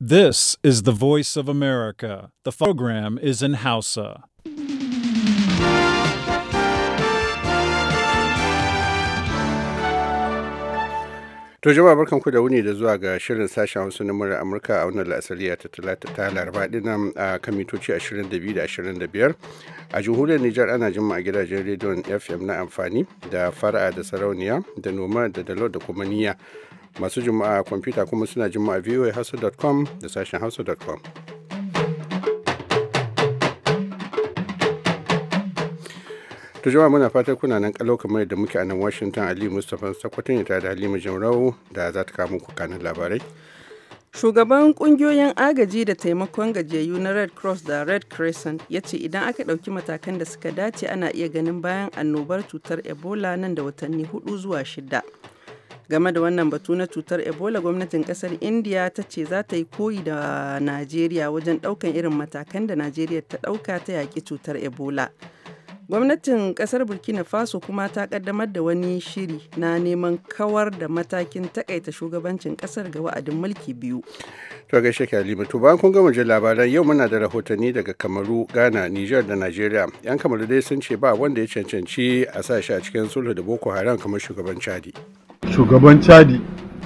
This is the voice of America. The program is in Hausa. To jama'a barkan da wuni da zuwa ga shirin sashen Hausa na murar Amurka a wannan la'asariya ta talata ta laraba dinnan a kan mitoci 22 da 25. A jamhuriyar Nijar ana jima a gidajen rediyon FM na amfani da fara'a da sarauniya da noma da dalo da kuma niyya. masu juma'a kwamfuta kuma suna juma'a voahausa.com da sashen hausa.com to jama'a muna fatan kuna nan kalau kamar da muke a nan washington ali mustapha sakwatin ya da halima jimrau da za ta kawo muku labarai shugaban kungiyoyin agaji da taimakon gajiyayyu na red cross da red crescent ya ce idan aka ɗauki matakan da suka dace ana iya ganin bayan annobar cutar ebola nan da watanni hudu zuwa shida game da wannan batu na cutar ebola gwamnatin kasar indiya ta ce za ta yi koyi da najeriya wajen daukan irin matakan da najeriya ta dauka ta yaki cutar ebola Gwamnatin kasar Burkina Faso kuma ta kaddamar da wani shiri na neman kawar da matakin takaita shugabancin kasar ga wa'adin mulki biyu. To gaishe Halima, to bayan kun gama jin labaran yau muna da rahotanni daga Kamaru, Ghana, Niger da nigeria Yan Kamaru dai sun ce ba wanda ya cancanci a sa shi a cikin sulhu da Boko Haram kamar shugaban Chadi. Shugaban Chadi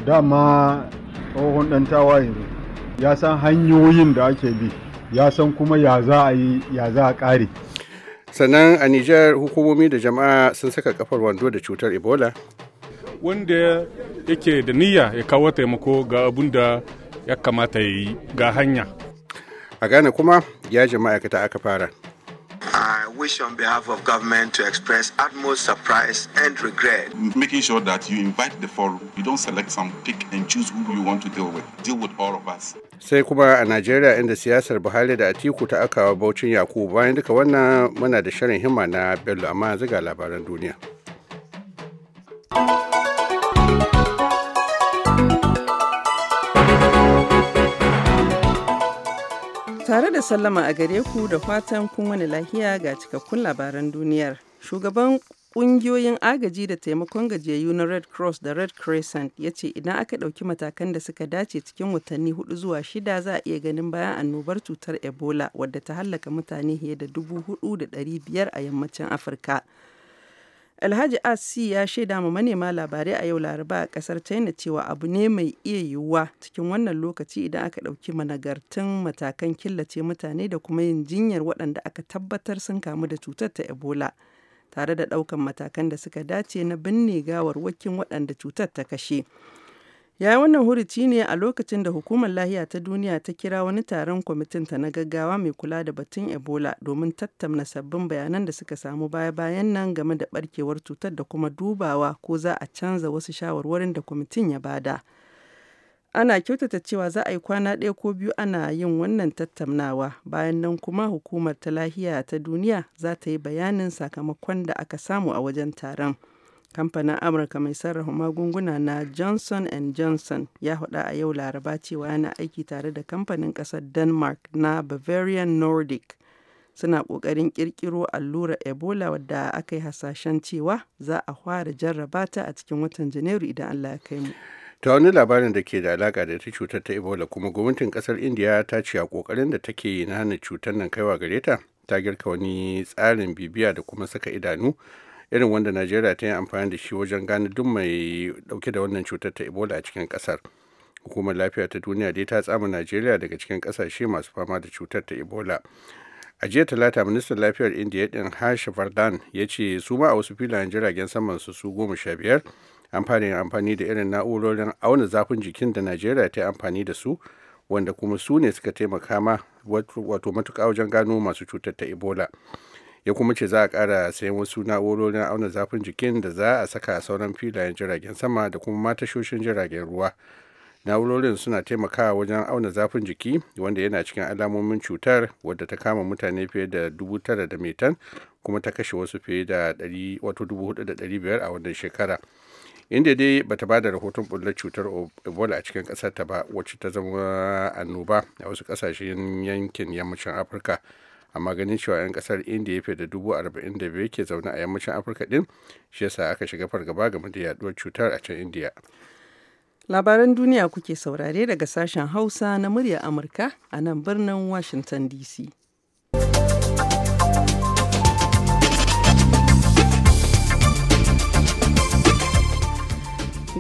dama tsohon dan tawaye ne. Ya san hanyoyin da ake bi, ya san kuma ya za a yi, ya za a kare. sannan a nijar hukumomi da jama'a sun saka kafar wando da cutar ebola wanda yake da niyya ya kawo taimako ga abun da ya kamata ya yi ga hanya a ghana kuma ya jama'a aka fara I wish on behalf of government to express utmost surprise and regret. Making sure that you invite the forum, you don't select some, pick and choose who you want to deal with. Deal with all of us. sai kuma a najeriya inda siyasar buhari da atiku ta akawa baucin yakubu bayan duka wannan muna da shirin himma na bello amma ziga labaran duniya. Tare da sallama a gare ku da fatan kun wani lahiya ga cikakkun labaran duniyar. Shugaban kungiyoyin agaji da taimakon gajiyayyu na Red Cross da Red Crescent ya ce idan aka ɗauki matakan da suka dace cikin watanni hudu zuwa shida za a iya ganin bayan annobar cutar Ebola wadda ta hallaka mutane fiye da dubu hudu da ɗari biyar a yammacin Afirka. Alhaji Asi ya shaida ma manema labarai a yau Laraba a kasar China cewa abu ne mai iya yiwuwa cikin wannan lokaci idan aka ɗauki managartun matakan killace mutane da kuma yin jinyar waɗanda aka tabbatar sun kamu da cutar ta Ebola tare da ɗaukan matakan da suka dace na binne gawar gawarwakin waɗanda cutar ta kashe. Ya yi wannan huruci ne a lokacin da Hukumar Lahiya ta Duniya ta kira wani taron kwamitin ta na gaggawa mai kula da batun Ebola domin tattauna sabbin bayanan da suka samu baya-bayan nan game da barkewar cutar da kuma dubawa ko za a canza wasu shawarwarin da kwamitin ya bada. ana kyautata cewa za a yi kwana ɗaya ko biyu ana yin wannan tattaunawa bayan nan kuma hukumar ta lahiya ta duniya za ta yi bayanin sakamakon da aka samu a wajen taron kamfanin amurka mai sarrafa magunguna na johnson johnson ya faɗa a yau laraba cewa yana aiki tare da kamfanin kasar denmark na bavarian nordic suna kokarin kirkiro allura ebola wadda aka yi hasashen cewa za a fara jarraba ta a cikin watan janairu idan allah ya kai mu ta wani labarin da ke da alaka da ta cutar ta ebola kuma gwamnatin kasar indiya ta ce a kokarin da take yi na hana cutar nan kaiwa gare ta ta girka wani tsarin bibiya da kuma saka idanu irin wanda najeriya ta yi amfani da shi wajen gane duk mai dauke da wannan cutar ta ebola a cikin kasar hukumar lafiya ta duniya dai ta tsama najeriya daga cikin kasashe masu fama da cutar ta ebola a jiya talata ministan lafiyar indiya din harsha vardhan ya ce su ma a wasu filayen jiragen saman su su goma sha biyar an fara yin amfani da irin na'urorin auna zafin jikin da najeriya ta yi amfani da su wanda kuma su ne suka taimaka ma wato matuƙa wajen gano masu cutar ta ebola ya kuma ce za a ƙara sayan wasu na'urorin auna zafin jikin da za a saka sauran filayen jiragen sama da kuma matashoshin jiragen ruwa na'urorin suna taimakawa wajen auna zafin jiki wanda yana cikin alamomin cutar wadda ta kama mutane fiye da dubu tara da metan kuma ta kashe wasu fiye da wato dubu hudu da dari biyar a wannan shekara inda dai bata ba da rahoton bullar cutar ebola a cikin kasar ta ba wacce ta zama annoba a wasu kasashen yankin yammacin afirka amma ganin cewa 'yan kasar indiya fiye da dubu arba'in da biyu ke zaune a yammacin afirka din shi yasa aka shiga fargaba game da yaduwar cutar a can indiya labaran duniya kuke saurare daga sashen hausa na murya amurka a nan birnin washington dc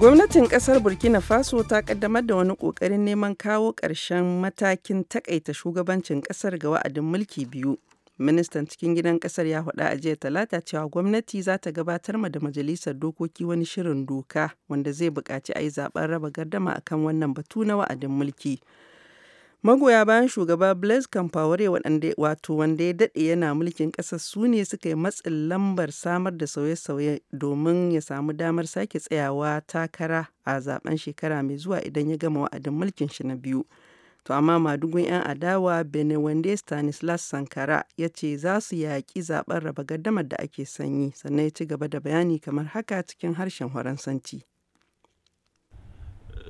Gwamnatin kasar Burkina Faso ta kaddamar da wani kokarin neman kawo ƙarshen matakin takaita shugabancin kasar ga wa'adin mulki biyu. Ministan cikin gidan kasar ya faɗa a jiya talata cewa gwamnati za ta gabatar ma da majalisar dokoki wani shirin doka wanda zai buƙaci a yi zaben raba gardama akan wannan batu na wa'adin mulki. Magoya bayan shugaba Blaise Compaoré wato wanda ya daɗe yana mulkin ƙasar su ne suka yi matsin lambar samar da sauye-sauye domin ya samu damar sake tsayawa takara a zaben shekara mai zuwa idan ya gama wa'adin mulkin shi na biyu. To amma madugun 'yan adawa Benewende Stanislas Sankara ya ce za su yaƙi zaben raba gardamar da ake sanyi sannan ya ci gaba da bayani kamar haka cikin harshen Faransanci.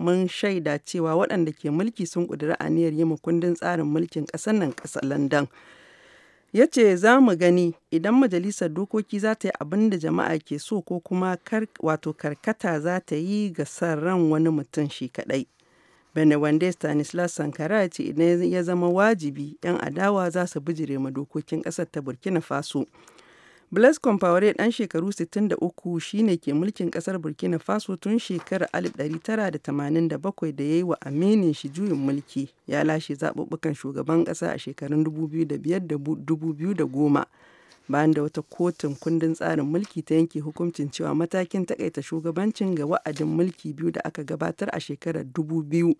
mun shaida cewa waɗanda ke mulki sun ƙudiri aniyar yi kundin tsarin mulkin ƙasar nan ƙasar London. Ya ce za mu gani idan majalisar dokoki za ta yi abin da jama'a ke so ko kuma kar, wato karkata za ta yi ga san ran wani mutum shi kaɗai. Benewande Stanislas Sankara ya ce idan ya zama wajibi 'yan adawa za su bijire ma dokokin ƙasar ta Burkina Faso. Blaise Compaoré ɗan shekaru 63 shi ne ke mulkin ƙasar Burkina Faso tun shekarar 1987 da ya yi wa aminin shi juyin mulki ya lashe zaɓuɓɓukan shugaban ƙasa a shekarun 2005 da 2010 bayan da wata kotun kundin tsarin mulki ta yanke hukuncin cewa matakin takaita shugabancin ga wa'adin mulki biyu da aka gabatar a shekarar 2000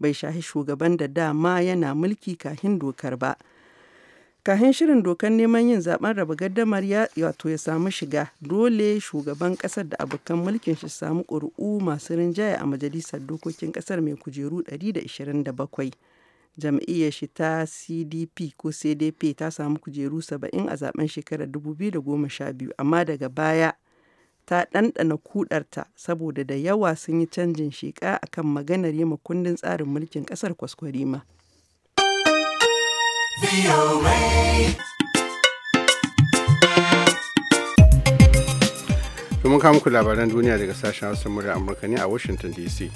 bai shahi shugaban da dama yana mulki kahin dokar ba. Kahin shirin dokar neman yin zaben raba gardamar ya wato ya samu shiga dole shugaban kasar da abokan mulkin shi samu ƙuri'u masu rinjaya a majalisar dokokin kasar mai kujeru 127. Jam'iyyar shi ta CDP ko CDP ta samu kujeru 70 a zaben shekarar 2012 amma daga baya ta ɗanɗana kudarta saboda da yawa sun yi canjin sheƙa akan maganar yi kundin tsarin mulkin ƙasar kwaskwarima. To mun muku labaran duniya daga sashen Hausa murya Amurka ne a Washington DC.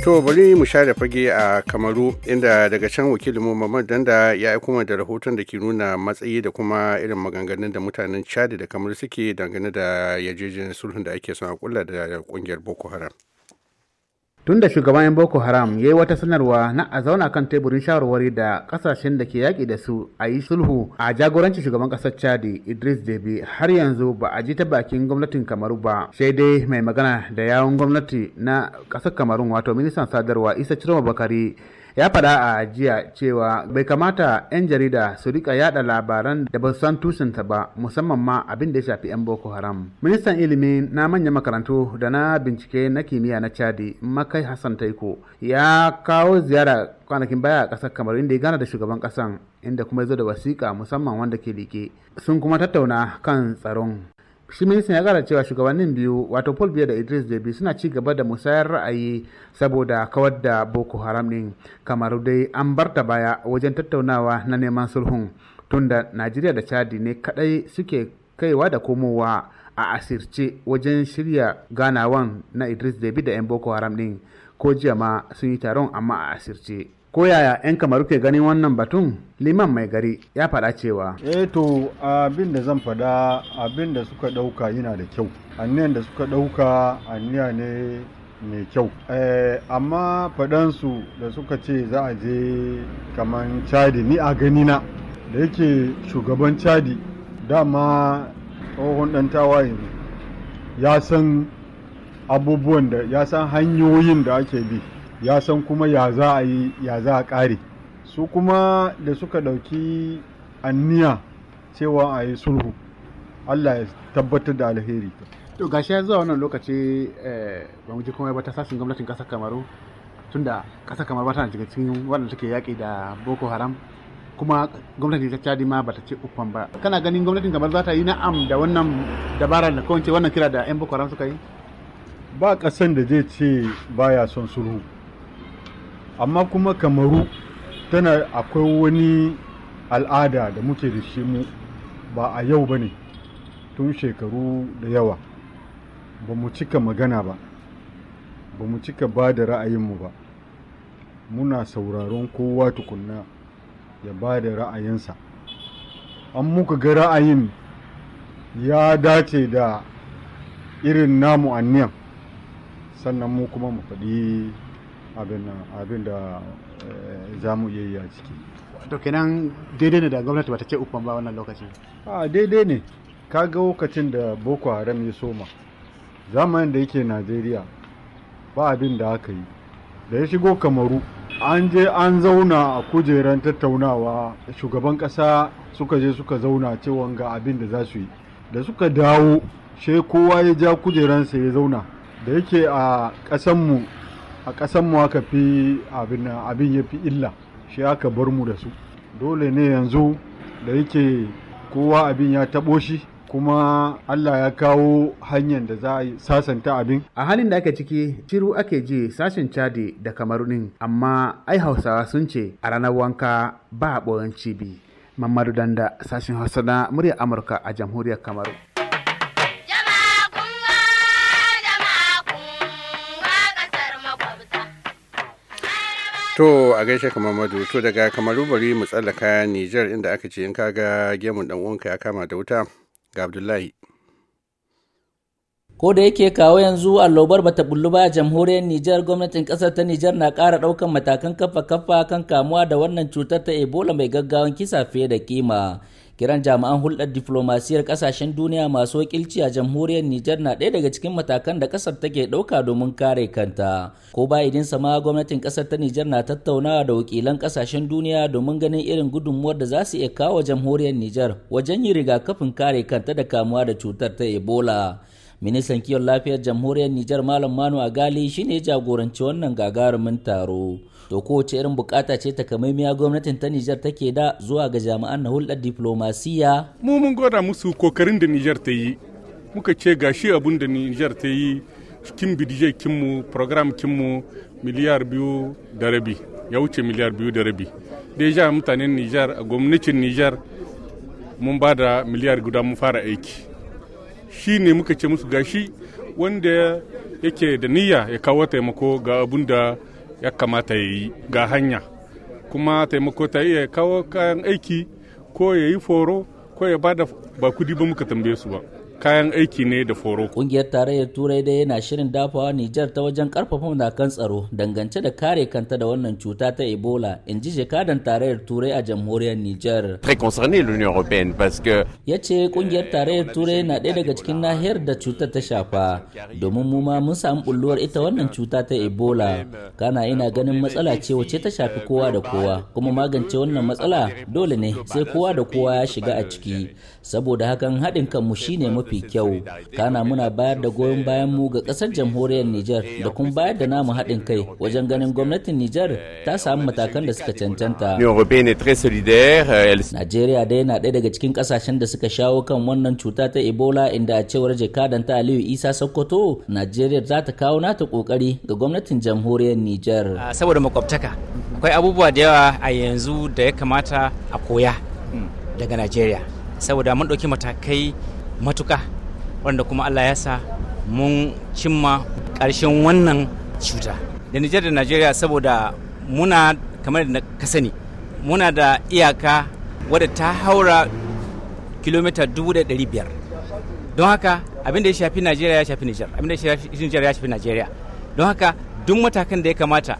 To bari mu share fage a Kamaru inda daga can mu Mamman Danda ya yi kuma da rahoton da ke nuna matsayi da kuma irin maganganun da mutanen Chad da Kamaru suke dangane da yarjejeniyar sulhun da ake son a kulla da kungiyar Boko Haram. tun da shugaban 'yan boko haram ya yi wata sanarwa na a zauna kan teburin shawarwari da kasashen da ke yaƙi da su a yi sulhu a jagorancin shugaban ƙasar chadi idris debi har yanzu ba a ji ta bakin gwamnatin kamaru ba sai dai mai magana da yawon gwamnati na ƙasar kamarun wato ministan sadarwa isa ciroma bakari ya faɗa a jiya cewa bai kamata 'yan jarida su rika yada labaran da ba san tushensa ba musamman ma abin da ya shafi 'yan boko haram ministan ilimi na manyan makarantu da na bincike na kimiyya na chadi makai hassan taiko ya kawo ziyara kwanakin baya a ƙasar kamar inda ya gana da shugaban ƙasan inda kuma ya zo da wasiƙa musamman wanda ke like sun kuma tattauna kan tsaron shi ministan ya kara cewa shugabannin biyu wato paul biya da idris debi suna ci gaba da musayar ra'ayi saboda kawar da boko haram din kamar dai an barta baya wajen tattaunawa na neman sulhun tunda najeriya da chadi ne kadai suke kaiwa da komowa a asirce wajen shirya ganawan na idris debi da 'yan boko haram din ko jiya ma sun yi taron amma a asirce ko yaya 'yan kamaru ke ganin wannan batun liman mai gari ya faɗa cewa eh to abin da zan faɗa abin da suka ɗauka yana da kyau anniyan da suka ɗauka anniya ne mai kyau eh, amma faɗansu da suka ce za a je kamar Chadi, ni a ganina da yake shugaban Chadi, dama tsohon ɗan tawaye ya san abubuwan da ya san hanyoyin da ake bi ya san kuma ya za a yi ya za a ƙare su kuma da suka ɗauki anniya cewa a yi sulhu allah ya tabbatar da alheri to gashi ya zuwa wannan lokaci eh, ba mu ji kuma ba ta sasin gwamnatin ƙasar kamaru da ƙasar kamaru ba tana na cikin waɗanda suke yaƙi da boko haram kuma gwamnatin ta cadi ma ba ta ce uffan ba kana ganin gwamnatin kamar za ta yi na'am da wannan dabarar da kawance wannan kira da 'yan boko haram suka yi ba ƙasan da zai ce baya son sulhu amma kuma kamaru tana akwai wani al'ada da muke da shi mu ba a yau ba ne tun shekaru da yawa ba mu cika magana ba ba mu cika ba da ra'ayinmu ba muna sauraron kowa tukunna ya ba da ra'ayinsa an muka ga ra'ayin ya dace da irin namu anniyan sannan mu kuma mu faɗi abin da eh, za mu iya yi a ciki to kenan daidai ne da gwamnati bata ce uban ba wannan lokaci a daidai ne ka ga lokacin da boko haram ya soma zamanin da yake najeriya ba abin da aka yi da ya shigo kamaru an je an zauna a kujeran tattaunawa shugaban kasa suka je suka zauna cewa ga abin da za su yi da suka dawo shekowa kowa ya ja kujeransa ya zauna da yake a ƙasanmu a ƙasan mu aka fi abin abin ya fi illa shi aka bar mu da su dole ne yanzu da yake kowa abin ya taɓo shi kuma Allah ya kawo hanyar da za a sasanta abin. A halin da aka ciki, shiru ake ji sashen cadi da Kamarunin, amma ai Hausawa sun ce a ranar wanka ba a ɓoyon cibi. Mamadu Danda, sashen Hausa na murya Amurka a jamhuriyar Kamaru. To a gaishe kamar madu to daga kamaru bari mu tsallaka Nijar inda aka ce in ga gemun dan uwanka ya kama da wuta ga Abdullahi. ko da yake kawo yanzu allobar bata bullu ba jamhuriyar Nijar gwamnatin kasar ta Nijar na ƙara ɗaukan matakan kafa kafa kan kamuwa da wannan cutar ta Ebola mai gaggawan kisa fiye da kima kiran jami'an hulɗar diflomasiyar ƙasashen duniya masu wakilci a jamhuriyar Nijar na ɗaya daga cikin matakan da ƙasar take ɗauka domin kare kanta. Ko ba idin sama gwamnatin ƙasar ta Nijar na tattaunawa da wakilan ƙasashen duniya domin ganin irin gudunmuwar da za su iya kawo jamhuriyar Nijar wajen yin rigakafin kare kanta da kamuwa da cutar ta Ebola. Ministan kiwon lafiyar jamhuriyar Nijar Malam Manu Agali shine jagoranci wannan gagarumin taro. to kowace irin bukata ce takamaimiya gwamnatin ta Nijar take da zuwa ga jami'an na hulɗar diplomasiya. Mu mun gwada musu kokarin da Nijar ta yi, muka ce gashi abun da Nijar ta yi kin bidije kinmu program kinmu miliyar biyu da rabi ya wuce miliyar biyu da rabi. Deja mutanen Nijar a gwamnatin Nijar mun ba da miliyar guda mun fara aiki. Shi ne muka ce musu gashi wanda yake da niyya ya kawo taimako ga abun da ya kamata ya yi ga hanya kuma taimako ta iya kawo kayan aiki ko ya yi foro ko ya ba da ba kudi ba muka tambaye su ba kayan aiki ne da foro. Kungiyar tarayyar Turai dai yana shirin dafawa Nijar ta wajen karfafa matakan tsaro dangance da kare kanta da wannan cuta ta Ebola, in ji jakadan tarayyar Turai a jamhuriyar Nijar. Très concerné l'Union Ya ce kungiyar tarayyar Turai na ɗaya daga cikin nahiyar da cutar ta shafa, domin mu ma mun samu bulluwar ita wannan cuta ta Ebola. Kana ina ganin matsala ce wace ta shafi kowa da kowa, kuma magance wannan matsala dole ne sai kowa da kowa ya shiga a ciki. Saboda saboda hakan haɗin kanmu shine mafi kyau kana muna bayar da goyon bayan mu ga ƙasar jamhuriyar Nijar da kuma bayar da namu haɗin kai wajen ganin gwamnatin Nijar ta samu matakan da suka cancanta. Euh, Najeriya dai na ɗaya daga cikin ƙasashen da suka shawo kan wannan cuta ta Ebola inda a cewar jakadan ta Aliyu Isa Sokoto Najeriya za ta kawo nata ƙoƙari ga gwamnatin jamhuriyar Nijar. Saboda makwabtaka akwai abubuwa da yawa a yanzu da ya kamata a koya hmm. daga Najeriya. saboda mun ɗauki matakai matuka wanda kuma Allah ya sa mun cimma ƙarshen wannan cuta da Nijar da Najeriya saboda muna kamar da ka sani muna da iyaka wadda ta haura kilomita 1500 don haka abin da ya shafi Najeriya ya shafi Nijar abin da ya shafi Nijar ya shafi Najeriya don haka duk matakan da ya kamata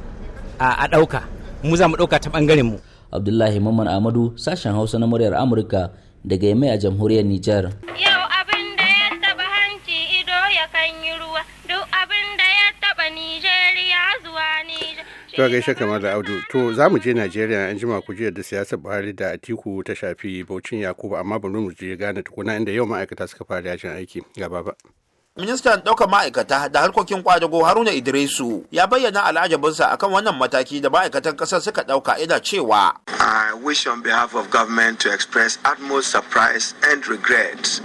a ɗauka mu za mu ɗauka ta ɓangaren mu Abdullahi Mamman Amadu sashen Hausa na muryar Amurka daga yamai a jamhuriyar Nijar. Yau abin da ya taba hanci ido ya kan yi ruwa duk abin da ya taba Nijeriya zuwa Nijar. To gaishe kamar da Audu to za mu je Najeriya an jima ku jiya da siyasar Buhari da Atiku ta shafi Baucin Yakubu amma bari mu je gane tukuna inda yau ma'aikata suka fara yajin aiki ga baba. ministan ɗaukar ma'aikata da harkokin kwadago haruna idrisu ya bayyana al'ajabinsa akan wannan mataki da ma'aikatan ƙasar suka ɗauka ina cewa i wish on behalf of government to express utmost surprise and regret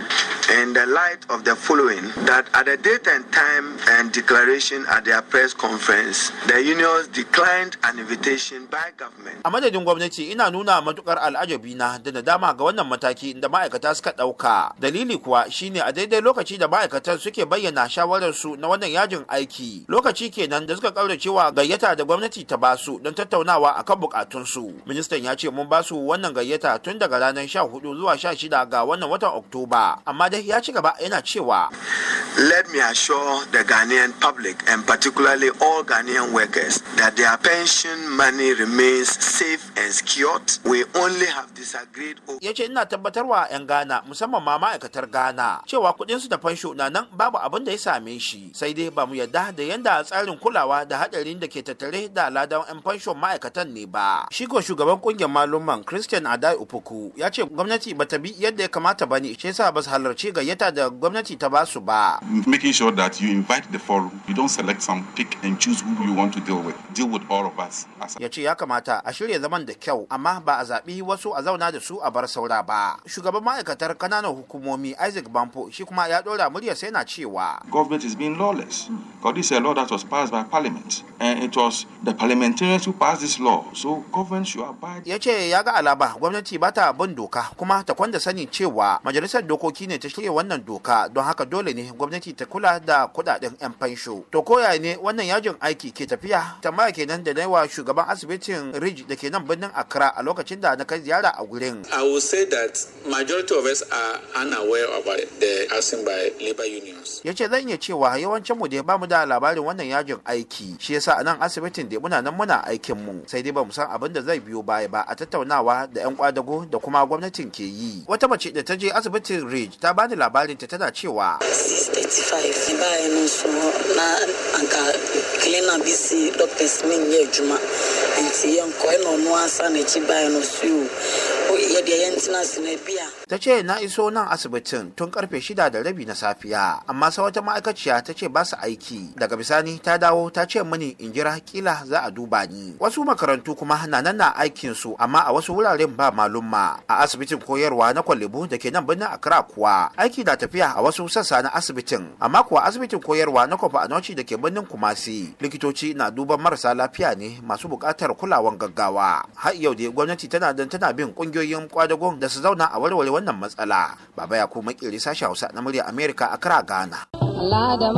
in the light of the following that at the date and time and declaration at their press conference the unions declined an invitation by government a madadin gwamnati ina nuna matukar al'ajabi na da nadama ga wannan mataki da ma'aikata suka ɗauka dalili kuwa shine a daidai lokaci da ma'aikatan suke suke bayyana shawarar su na wannan yajin aiki lokaci kenan da suka kaura cewa gayyata da gwamnati ta basu don tattaunawa akan bukatun su ministan ya ce mun basu wannan gayyata tun daga ranar 14 zuwa 16 ga wannan watan oktoba amma dai ya ci gaba yana cewa Let me assure the Ghanaian public and particularly all Ghanaian workers that their pension money remains safe and secured. We only have disagreed over. Ya ce ina tabbatarwa 'yan Ghana musamman ma ma'aikatar Ghana cewa su da fansho na nan babu abin da ya same shi sai dai ba mu yadda da yanda tsarin kulawa da hadarin da ke tattare da ladan yan fanshon ma'aikatan ne ba shi ko shugaban kungiyar maluman christian adai upuku ya ce gwamnati ba ta bi yadda ya kamata ba ne shi yasa ba su halarci gayyata da gwamnati ta ba su ba making sure that you invite the forum you don't select some pick and choose who you want to deal with deal with all of us ya ce ya kamata a shirya zaman da kyau amma ba a zaɓi wasu a zauna da su a bar saura ba shugaban ma'aikatar kananan hukumomi isaac bampo shi kuma ya ɗora muryar sai na cewa government is being lawless because this is a law that was passed by parliament and it was the parliamentarians who passed this law so government should abide ya ce ya ga alaba gwamnati ba ta bin doka kuma ta kwanda sanin cewa majalisar dokoki ne ta shirya wannan doka don haka dole ne gwamnati ta kula da kudaden yan fansho to koya ne wannan yajin aiki ke tafiya tambaya kenan da naiwa shugaban asibitin ridge da ke nan birnin accra a lokacin da na kai ziyara a gurin i will say that majority of us are unaware about the asking by labor union ya ce zan iya cewa yawancin mu da ba mu da labarin wannan yajin aiki shi yasa a nan asibitin da muna nan muna aikin mu sai dai ba mu san abin da zai biyo baya ba a tattaunawa da yan kwadago da kuma gwamnatin ke yi wata mace da ta je asibitin ridge ta bani labarin ta tana cewa na bisi doctors min yɛ adwuma nti yɛnkɔ ɛna ɔno ansa n'akyi bae no so na Ta ce na iso nan asibitin tun karfe shida da rabi na safiya, amma sai wata ma'aikaciya ta ce ba su aiki. Daga bisani ta dawo ta ce mini in jira kila za a duba ni. Wasu makarantu kuma na nan na aikin su amma a wasu wuraren ba malumma. A asibitin koyarwa na kwalibu da ke nan birnin Accra kuwa aiki na tafiya a wasu sassa na asibitin, amma kuwa asibitin koyarwa na a Anochi da ke birnin Kumasi likitoci na duban marasa lafiya ne masu buƙatar kulawan gaggawa. Har yau dai gwamnati tana dan tana bin kungiyoyin kwadagon da su zauna a warware wannan matsala baba ya kuma kiri sashi hausa na murya america a kara ghana allah da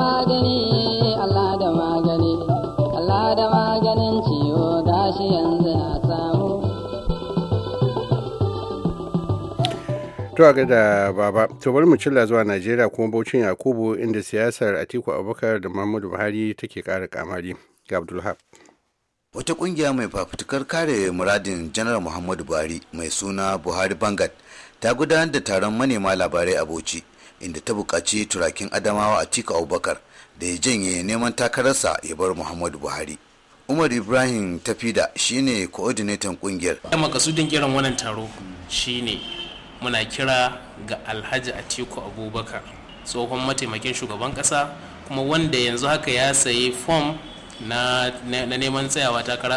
da maganin ciwo gashi yanzu na samu To a baba, to bari mu cilla zuwa Najeriya kuma Baucin Yakubu inda siyasar Atiku Abubakar da Muhammadu Buhari take kara kamari. Ga Abdulhab. wata kungiya mai fafutukar kare muradin janar muhammadu buhari mai suna buhari bangat ta gudanar da taron manema labarai a bauchi inda ta buƙaci turakin adamawa a tika abubakar da ya janye neman takararsa ya bar muhammadu buhari umar ibrahim tafida shine coordinator kungiyar da makasudin kiran wannan taro shine muna kira ga alhaji atiku abubakar tsohon mataimakin shugaban kasa kuma wanda yanzu haka ya sayi fom na neman tsayawa takara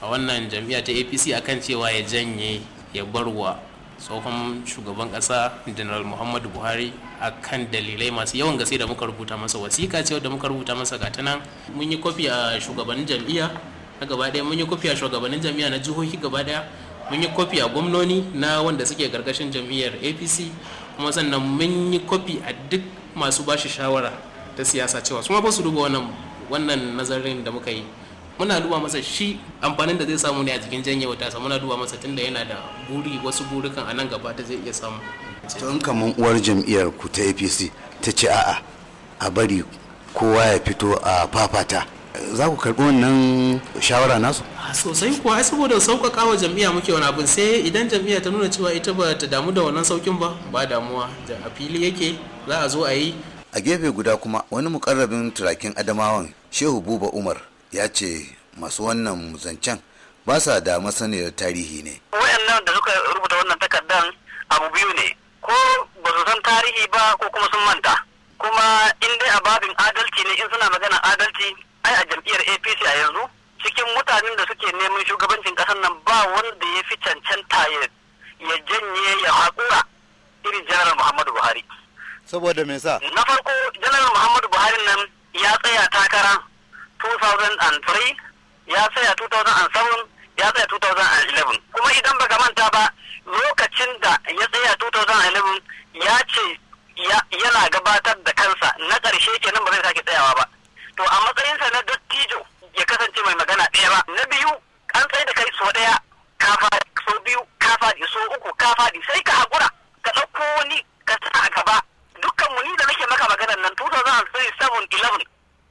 a wannan jam'iyya ta apc akan cewa ya janye ya barwa tsohon shugaban kasa general muhammadu buhari a kan dalilai masu yawan gaske da muka rubuta masa wasiƙa ce da muka rubuta masa gata nan mun yi kofi a shugabannin jam'iyya na gaba ɗaya mun yi kofi a shugabannin jam'iyya na jihohi gaba ɗaya mun yi kofi a gwamnoni na wanda suke gargashin jam'iyyar apc kuma sannan mun yi kofi a duk masu bashi shawara ta siyasa cewa su ma ba su duba wannan wannan nazarin da muka yi muna duba masa shi amfanin da zai samu ne a jikin janyewa tasa muna duba masa tunda yana da buri wasu burukan a nan gaba ta zai iya samu tun kamar uwar jam'iyyar ku ta APC ta ce a'a a bari kowa ya fito a fafata za ku karɓi wannan shawara nasu sosai kuwa ai saboda sauƙaƙa wa jam'iyya muke wani abin sai idan jam'iyya ta nuna cewa ita ba ta damu da wannan saukin ba ba damuwa da a fili yake za a zo a yi a gefe guda kuma wani mukarrabin turakin adamawan shehu buba umar ya ce masu wannan zancen ba sa da masaniyar tarihi ne wayannan da suka rubuta wannan takardan abu biyu ne ko ba su san tarihi ba ko kuma sun manta kuma in dai a babin adalci ne in suna magana adalci ai a jam'iyyar apc a yanzu cikin mutanen da suke neman shugabancin ƙasar nan ba wanda ya fi cancanta ya janye ya haƙura irin janar muhammadu buhari saboda me sa na farko janar muhammadu buhari nan ya tsaya takara 2003 ya tsaya 2007 ya tsaya 2011 kuma idan baka manta ba lokacin da ya tsaya 2011 ya ce yana gabatar da kansa na ƙarshe kenan ba zai sake tsayawa ba to a matsayinsa na dattijo ya kasance mai magana ɗaya ba na biyu an tsaye da kai so ɗaya ka faɗi so biyu ka faɗi so uku ka faɗi sai ka haƙura ka ɗauko wani ka sa a gaba dukkan mu ni da nake maka maganar nan 2003 11 11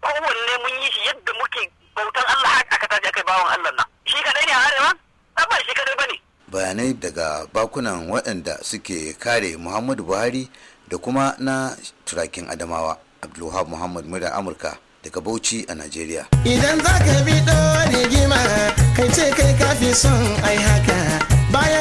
kowanne mun yi shi yadda muke bautan Allah haka aka tashi akai bawan Allah na shi kadai ne a arewa ba shi kadai ne bayanai daga bakunan waɗanda suke kare Muhammadu Buhari da kuma na turakin Adamawa Abdulwahab Muhammad Mura Amurka daga Bauchi a Najeriya. Idan za ka bi ɗore gima, kai ce kai kafi son ai haka, baya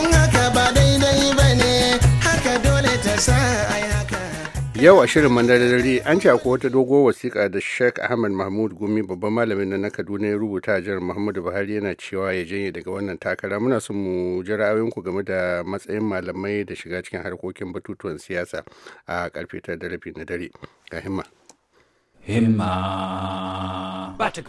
yau a shirin mandarari an ce akwai wata dogo wasiƙa da sheikh ahmad mahmud gumi babban malamin na kaduna ya rubuta a jihar muhammadu buhari yana cewa ya janye daga wannan takara muna son mu ji ra'ayoyinku game da matsayin malamai da shiga cikin harkokin batutuwan siyasa a karfe ta da na dare ga himma himma ba ta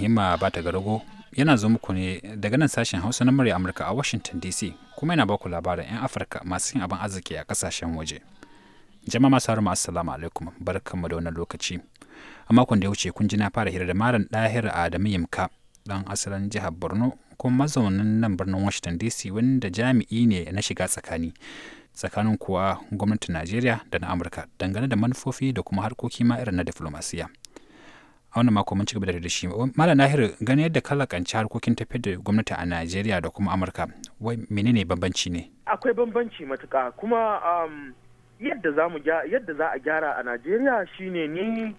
himma ba ta rago yana zo muku ne daga nan sashen hausa na murya amurka a washington dc kuma yana baku labarin 'yan afirka masu yin abin arziki a kasashen waje jama'a masu haru assalamu alaikum mu da wannan lokaci a makon da ya wuce kun ji na fara hira da maran Dahir adamu yimka dan asalin jihar borno kuma mazaunin nan birnin washington dc wanda jami'i ne na shiga tsakani tsakanin kuwa gwamnatin najeriya da na amurka dangane da manufofi da kuma harkoki ma irin na diflomasiya a wannan mako mun ci gaba da shi malam nahiru ganin yadda kalakanci harkokin tafiyar da gwamnati a najeriya da kuma amurka wai menene bambanci ne akwai bambanci matuka kuma um, yadda za yadda za a gyara a najeriya shine ni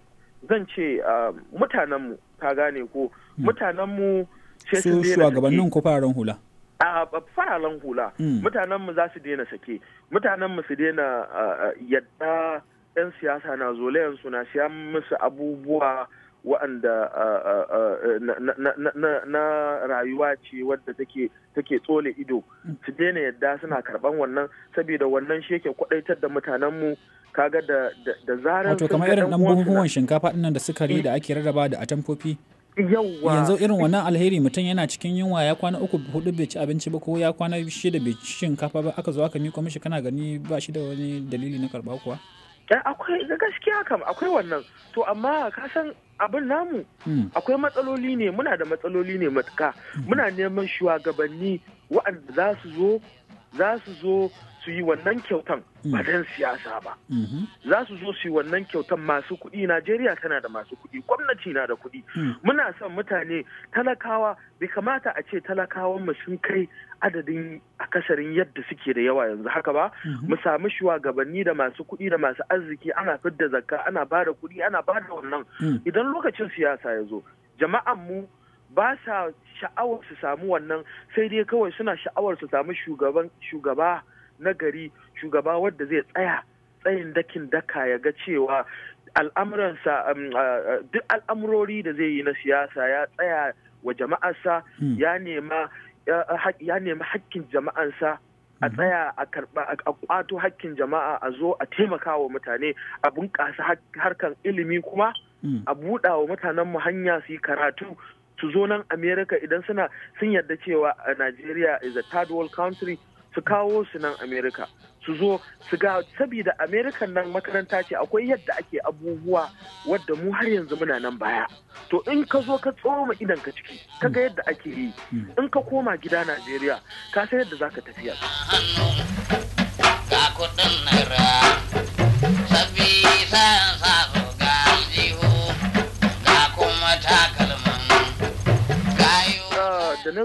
zan ce um, mutanenmu ka gane ko hmm. mutanenmu su shugabannin ko fararen hula a fararen hula hmm. mutanenmu za su daina sake mutanenmu su daina uh, uh, yadda 'yan siyasa na zolayen su na siya musu abubuwa waɗanda na rayuwa ce wadda take tsole ido su daina yadda suna karban wannan saboda wannan shi yake kwadaitar da mutanenmu kaga da zarar wato kamar irin dan buhuhuwan shinkafa dinnan da sukari da ake rarraba da atamfofi yawwa yanzu irin wannan alheri mutum yana cikin yunwa ya kwana uku hudu bai ci abinci ba ko ya kwana shida bai ci shinkafa ba aka zo aka miko mishi kana gani ba shi da wani dalili na karba kuwa eh, akwai gaskiya kam akwai wannan to amma ka san abin namu hmm. akwai matsaloli ne muna da matsaloli ne matuka muna neman shugabanni wa'anda za su zo za su zo su yi wannan kyautan ba mm. dan siyasa ba mm-hmm. za su zo su yi wannan kyautan masu kuɗi najeriya tana da masu kuɗi gwamnati na da kuɗi mm. muna son mutane talakawa bai kamata a ce talakawan mu sun kai adadin akasarin yadda suke da yawa yanzu haka ba mm-hmm. mu samu shugabanni da masu kuɗi da masu arziki ana fidda zakka ana ba da kuɗi ana ba da wannan mm. idan lokacin siyasa ya zo jama'an mu ba sa sha'awar su samu wannan sai dai kawai suna sha'awar su samu shugaba nagari shugaba wadda zai tsaya tsayin dakin daka ya ga cewa al'amuransa um, uh, uh, duk al'amurori da zai yi na siyasa ya tsaya wa jama'arsa hmm. uh, ya nema hakkin jama'ansa a hmm. tsaya a karba a kwato hakkin jama'a a zo a taimaka wa mutane a bunƙasa harkan ilimi kuma hmm. a buɗa wa mutanen mu hanya su yi karatu su zo nan america idan suna sun yarda cewa nigeria is a third world country su kawo su nan Amerika, su zo su ga saboda amerikan nan makaranta ce akwai yadda ake abubuwa wadda mu har yanzu muna nan baya to in ka zo ka tsoma idan ka ciki ka ga yadda ake yi hmm. in ka koma gida najeriya ka san yadda za ka tafiya Sabi sa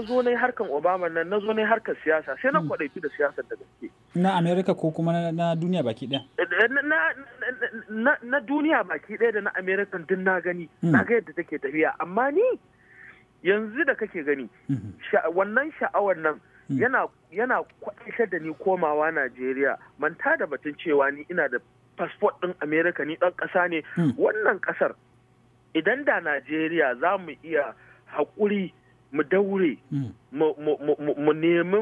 na zo na harkan obama nan na zo na harkan siyasa sai na hmm. kwadaitu da siyasar da gaske na Amerika ko kuma na duniya baki ɗaya. Eh, eh, na duniya baki ɗaya da na Amerika din na gani hmm. na ga yadda take tafiya amma ni yanzu da kake gani hmm. wannan sha'awar nan yana yana kwaɗaitar da ni komawa najeriya manta da batun cewa ni ina da fasfot ɗin Amerika ni ɗan ƙasa ne wannan ƙasar idan da najeriya za mu iya haƙuri mu daure hmm. mu nemi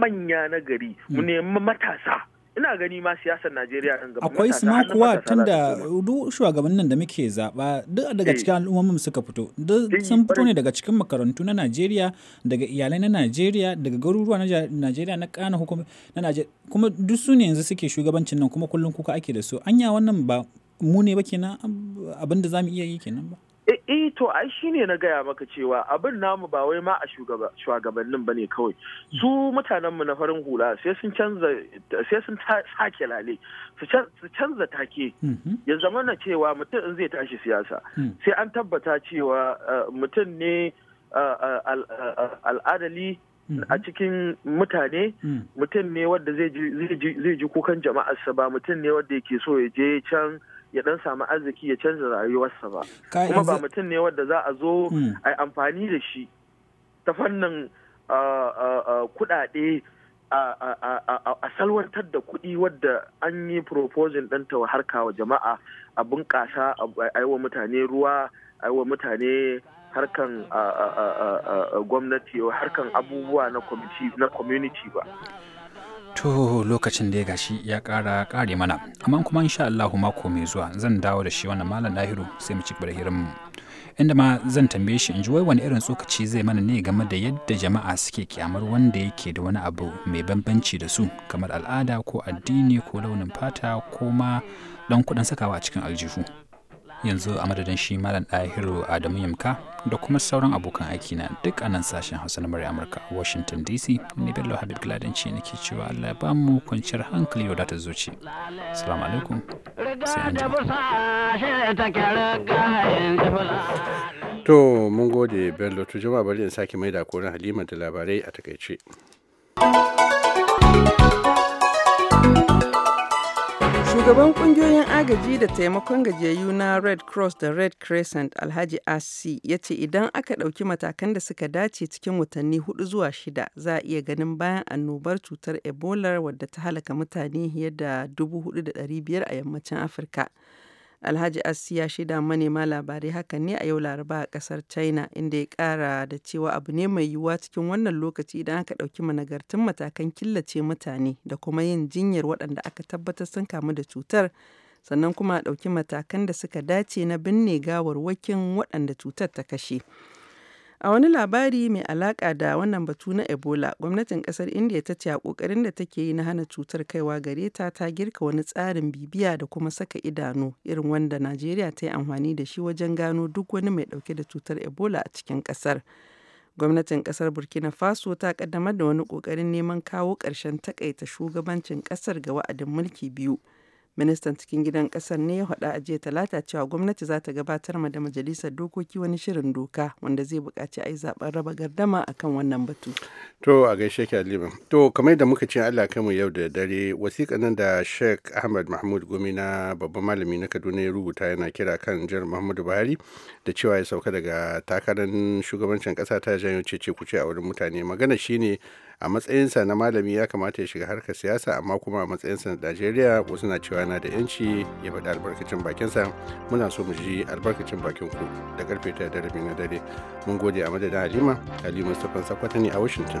manya na gari mu hmm. nemi matasa ina gani ma siyasar Najeriya ɗin gaba akwai suma kuwa tunda duk shugabannin da muke zaɓa duk daga eh. cikin al'ummomin suka fito eh, sun fito ne daga cikin makarantu na Najeriya daga iyalai na Najeriya daga garuruwa na Najeriya na kana hukuma na Najeriya kuma duk su ne yanzu suke shugabancin nan kuma kullum kuka ake da su anya wannan ba mu ne ba kenan abinda zamu iya yi kenan ba Eh, eh to ai shine na gaya maka cewa abin namu ba wai ma a shugabannin ne kawai su mutanen mu na farin hula sai sun canza sake lale su canza take mhm. ya zama na cewa mutum in zai tashi siyasa hmm. sai an tabbata cewa eh, mutum ne eh, al'adali mhm. a cikin mutane hmm. mutum ne wanda zai ji kukan jama'arsa ba mutum ne wanda yake so ya je can ya dan samu arziki ya canza rayuwarsa ba kuma ba mutum ne wanda za a zo a amfani da shi ta fannin kuɗaɗe a salwantar da kuɗi wadda an yi proposing ta harka wa jama'a a bunƙasa a yi wa mutane ruwa a yi wa mutane harkan gwamnati harkan abubuwa na community ba to lokacin da ya gashi ya kara kare mana amma kuma insha Allahu mako mai zuwa zan dawo da shi wannan malam lahiru sai mu ci gaba da hirin inda ma zan tambaye shi in ji wai wani irin tsokaci zai mana ne game da yadda jama'a suke kyamar wanda yake da wani abu mai bambanci da su kamar al'ada ko addini ko launin fata ko ma dan kuɗin sakawa a cikin aljihu yanzu a madadin shi malam ɗahiru adamu yamka da kuma sauran abokan aiki na duk a nan sashen hausa na murya amurka washington dc ne bello habib gladanci nake cewa allah ba kwanciyar hankali da ta zuci salamu alaikum to mun gode bello to jama'a bari in sake mai da korin halima da labarai a takaice Shugaban kungiyoyin agaji da taimakon gajiyayyu na Red Cross da Red Crescent Alhaji assi ya ce idan aka ɗauki matakan da suka dace cikin watanni hudu zuwa shida za a iya ganin bayan annobar cutar Ebola wadda ta halaka mutane fiye da 4,500 a yammacin Afirka. Alhaji Assi ya shaida manema labarai hakan ne a yau Laraba a kasar China inda ya kara da cewa abu ne mai yiwuwa cikin wannan lokaci idan aka ɗauki managartun matakan killace mutane da kuma yin jinyar waɗanda aka tabbatar sun kamu da cutar sannan kuma a ɗauki matakan da suka dace na binne gawar gawarwakin waɗanda cutar ta kashe. A wani labari mai alaƙa da wannan batu na Ebola, gwamnatin ƙasar Indiya ta ce a ƙoƙarin da take yi na hana cutar kaiwa gare ta ta girka wani tsarin bibiya da kuma saka idanu irin wanda Najeriya ta yi amfani da shi wajen gano duk wani mai ɗauke da cutar Ebola a cikin ƙasar. Gwamnatin ƙasar Burkina Faso ta ƙaddamar da wani ƙoƙarin neman kawo ƙarshen takaita shugabancin ƙasar ga wa'adin mulki biyu. ministan cikin gidan kasar ne ya hada a jiya talata cewa gwamnati za ta gabatar ma da majalisar dokoki wani shirin doka wanda zai bukaci a yi zaben raba gardama akan wannan batu to a gaishe ki to kamar da muka ce allah mu yau da dare wasiƙa nan da sheikh ahmad mahmud gumi na babban malami na kaduna ya rubuta yana kira kan jihar muhammadu buhari da cewa ya sauka daga takarar shugabancin ƙasa ta janyo ce ce kuce a wurin mutane magana shine a matsayinsa na malami ya kamata ya shiga harkar siyasa amma kuma a matsayinsa na najeriya wasu na cewa yana da yanci ya faɗi albarkacin bakinsa muna so mu ji albarkacin bakin ku da karfe ta da na dare mun gode a madadin halima halima stefan sakwata ne a washington